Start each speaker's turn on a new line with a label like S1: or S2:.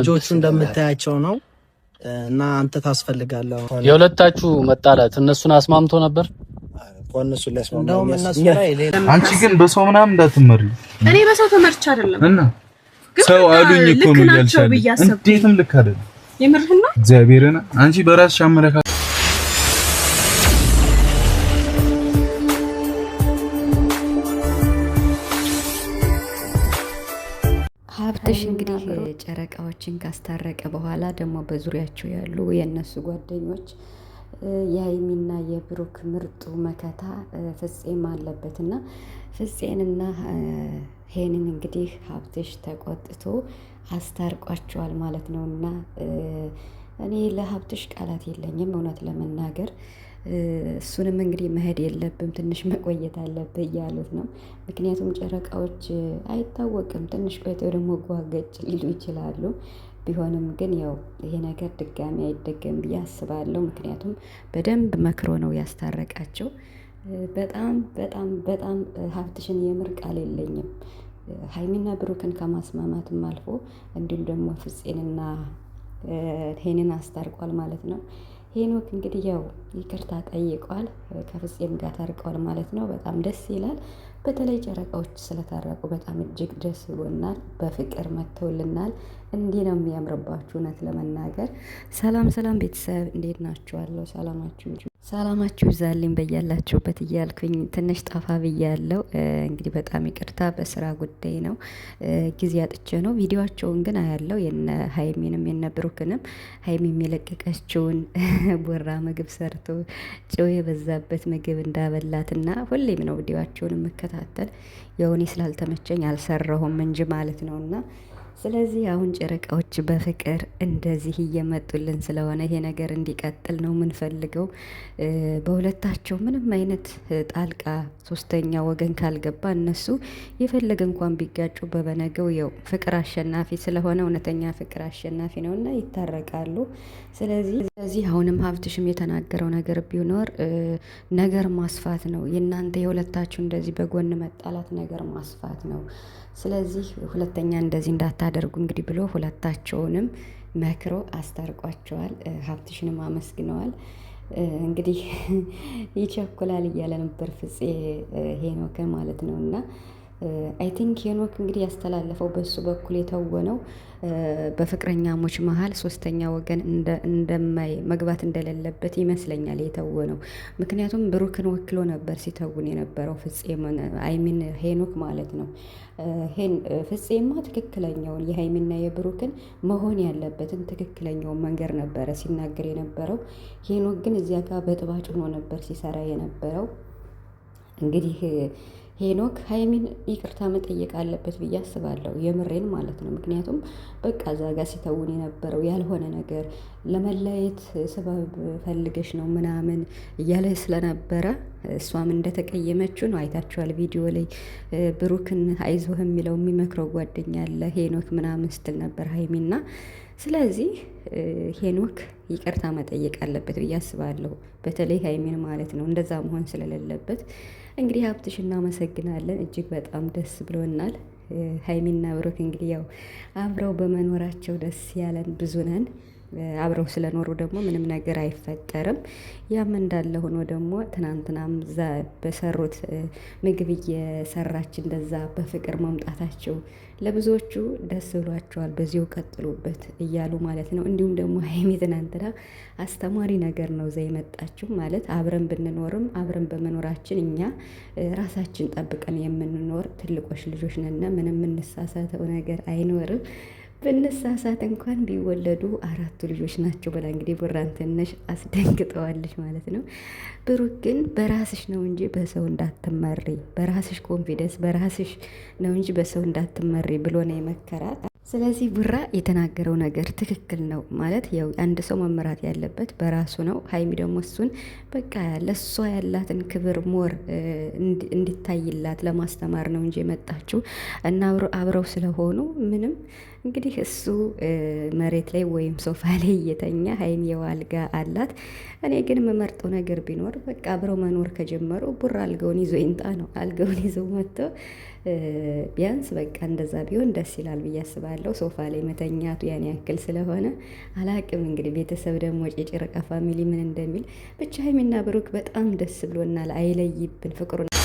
S1: ልጆቹ እንደምታያቸው ነው እና አንተ ታስፈልጋለህ። የሁለታችሁ መጣላት እነሱን አስማምቶ ነበር። አንቺ ግን በሰው ምናምን እንዳትመሪ። እኔ በሰው ተመርቻ አይደለም እና ሰው አሉኝ እኮ ነው ያልሻለ። እንዴትም ልክ አይደለም። የምርህና እግዚአብሔርን አንቺ በራስሽ አመለካከት ጨረቃዎችን ካስታረቀ በኋላ ደግሞ በዙሪያቸው ያሉ የእነሱ ጓደኞች የሀይሚና የብሩክ ምርጡ መከታ ፍጼም አለበት እና ፍጼንና ሄንን እንግዲህ ሀብትሽ ተቆጥቶ አስታርቋቸዋል ማለት ነውና እኔ ለሀብትሽ ቃላት የለኝም እውነት ለመናገር እሱንም እንግዲህ መሄድ የለብም ትንሽ መቆየት አለብህ እያሉት ነው። ምክንያቱም ጨረቃዎች አይታወቅም ትንሽ ቆይተው ደግሞ ጓገጭ ሊሉ ይችላሉ። ቢሆንም ግን ያው ይሄ ነገር ድጋሚ አይደገም ብዬ አስባለሁ። ምክንያቱም በደንብ መክሮ ነው ያስታረቃቸው። በጣም በጣም በጣም ሀብትሽን የምር ቃል የለኝም። ሀይሚና ብሩክን ከማስማማትም አልፎ እንዲሁም ደግሞ ፍጼንና ይሄንን አስታርቋል ማለት ነው። ሄኖክ እንግዲህ ያው ይቅርታ ጠይቋል፣ ከፍፄም ጋር ታርቀዋል ማለት ነው። በጣም ደስ ይላል። በተለይ ጨረቃዎች ስለታረቁ በጣም እጅግ ደስ ብሎናል። በፍቅር መጥተውልናል። እንዲህ ነው የሚያምርባችሁ እውነት ለመናገር። ሰላም ሰላም ቤተሰብ እንዴት ናችኋለሁ? ሰላማችሁ ሰላማችሁ ይብዛልኝ በያላችሁበት እያልኩኝ ትንሽ ጠፋ ብያለው። እንግዲህ በጣም ይቅርታ በስራ ጉዳይ ነው ጊዜ አጥቼ ነው። ቪዲዮቸውን ግን አያለው የነ ሀይሚንም የነ ብሩክንም ሀይሚ የሚለቀቀችውን ቦራ ምግብ ሰርቶ ጭው የበዛበት ምግብ እንዳበላትና ሁሌም ነው ቪዲዮቸውን የምከታተል የሆኔ ስላልተመቸኝ አልሰራሁም እንጂ ማለት ነው እና ስለዚህ አሁን ጨረቃዎች በፍቅር እንደዚህ እየመጡልን ስለሆነ ይሄ ነገር እንዲቀጥል ነው የምንፈልገው። በሁለታቸው ምንም አይነት ጣልቃ ሶስተኛ ወገን ካልገባ እነሱ የፈለገ እንኳን ቢጋጩ በበነገው ያው ፍቅር አሸናፊ ስለሆነ እውነተኛ ፍቅር አሸናፊ ነው እና ይታረቃሉ። ስለዚህ ስለዚህ አሁንም ሀብትሽም የተናገረው ነገር ቢኖር ነገር ማስፋት ነው የእናንተ የሁለታችሁ እንደዚህ በጎን መጣላት ነገር ማስፋት ነው። ስለዚህ ሁለተኛ እንደዚህ እንዳታ አታደርጉ እንግዲህ ብሎ ሁለታቸውንም መክሮ አስታርቋቸዋል። ሀብትሽንም አመስግነዋል። እንግዲህ ይቸኩላል እያለ ነበር ፍፄ ሄኖከ ማለት ነው እና አይ ቲንክ ሄኖክ እንግዲህ ያስተላለፈው በሱ በኩል የተወነው በፍቅረኛሞች መሀል ሶስተኛ ወገን እንደማይ መግባት እንደሌለበት ይመስለኛል የተወነው። ምክንያቱም ብሩክን ወክሎ ነበር ሲተውን የነበረው ፍፄም አይሚን ሄኖክ ማለት ነው። ፍፄማ ትክክለኛውን የሀይሚና የብሩክን መሆን ያለበትን ትክክለኛውን መንገድ ነበረ ሲናገር የነበረው። ሄኖክ ግን እዚያ ጋር በጥባጭ ሆኖ ነበር ሲሰራ የነበረው እንግዲህ ሄኖክ ሀይሚን ይቅርታ መጠየቅ አለበት ብዬ አስባለሁ። የምሬን ማለት ነው። ምክንያቱም በቃ ዛጋ ሲተውን የነበረው ያልሆነ ነገር ለመለየት ሰበብ ፈልገሽ ነው ምናምን እያለ ስለነበረ እሷም እንደተቀየመችው ነው። አይታችኋል ቪዲዮ ላይ ብሩክን አይዞህ የሚለው የሚመክረው ጓደኛ አለ ሄኖክ ምናምን ስትል ነበር ሀይሚና። ስለዚህ ሄኖክ ይቅርታ መጠየቅ አለበት ብዬ አስባለሁ። በተለይ ሀይሚን ማለት ነው። እንደዛ መሆን ስለሌለበት እንግዲህ ሀብትሽ እናመሰግናለን። እጅግ በጣም ደስ ብሎናል። ሀይሚና ብሩክ እንግዲህ ያው አብረው በመኖራቸው ደስ ያለን ብዙ ነን። አብረው ስለኖሩ ደግሞ ምንም ነገር አይፈጠርም። ያም እንዳለ ሆኖ ደግሞ ትናንትናም እዛ በሰሩት ምግብ እየሰራች እንደዛ በፍቅር መምጣታቸው ለብዙዎቹ ደስ ብሏቸዋል። በዚሁ ቀጥሎበት እያሉ ማለት ነው። እንዲሁም ደግሞ ሀይሚ ትናንትና አስተማሪ ነገር ነው እዛ የመጣችው ማለት አብረን ብንኖርም አብረን በመኖራችን እኛ ራሳችን ጠብቀን የምንኖር ትልቆች ልጆች ነን። ምንም የምንሳሳተው ነገር አይኖርም። ብንሳሳት እንኳን ቢወለዱ አራቱ ልጆች ናቸው ብላ እንግዲህ ቡራን ትንሽ አስደንግጠዋለች ማለት ነው። ብሩክ ግን በራስሽ ነው እንጂ በሰው እንዳትመሪ፣ በራስሽ ኮንፊደንስ፣ በራስሽ ነው እንጂ በሰው እንዳትመሪ ብሎ ነው የመከራት። ስለዚህ ቡራ የተናገረው ነገር ትክክል ነው ማለት ያው አንድ ሰው መመራት ያለበት በራሱ ነው። ሀይሚ ደግሞ እሱን በቃ ለእሷ ያላትን ክብር ሞር እንዲታይላት ለማስተማር ነው እንጂ የመጣችው እና አብረው ስለሆኑ ምንም እንግዲህ እሱ መሬት ላይ ወይም ሶፋ ላይ እየተኛ ሀይሚ የው አልጋ አላት። እኔ ግን የምመርጠው ነገር ቢኖር በቃ አብረው መኖር ከጀመሩ ቡራ አልጋውን ይዞ ይንጣ ነው። አልጋውን ይዞ መጥቶ ቢያንስ በቃ እንደዛ ቢሆን ደስ ይላል ብዬ አስባለሁ። ያለው ሶፋ ላይ መተኛቱ ያን ያክል ስለሆነ አላቅም። እንግዲህ ቤተሰብ ደግሞ የጨረቃ ፋሚሊ ምን እንደሚል ብቻ ሀይሚና ብሩክ በጣም ደስ ብሎናል። አይለይብን ፍቅሩን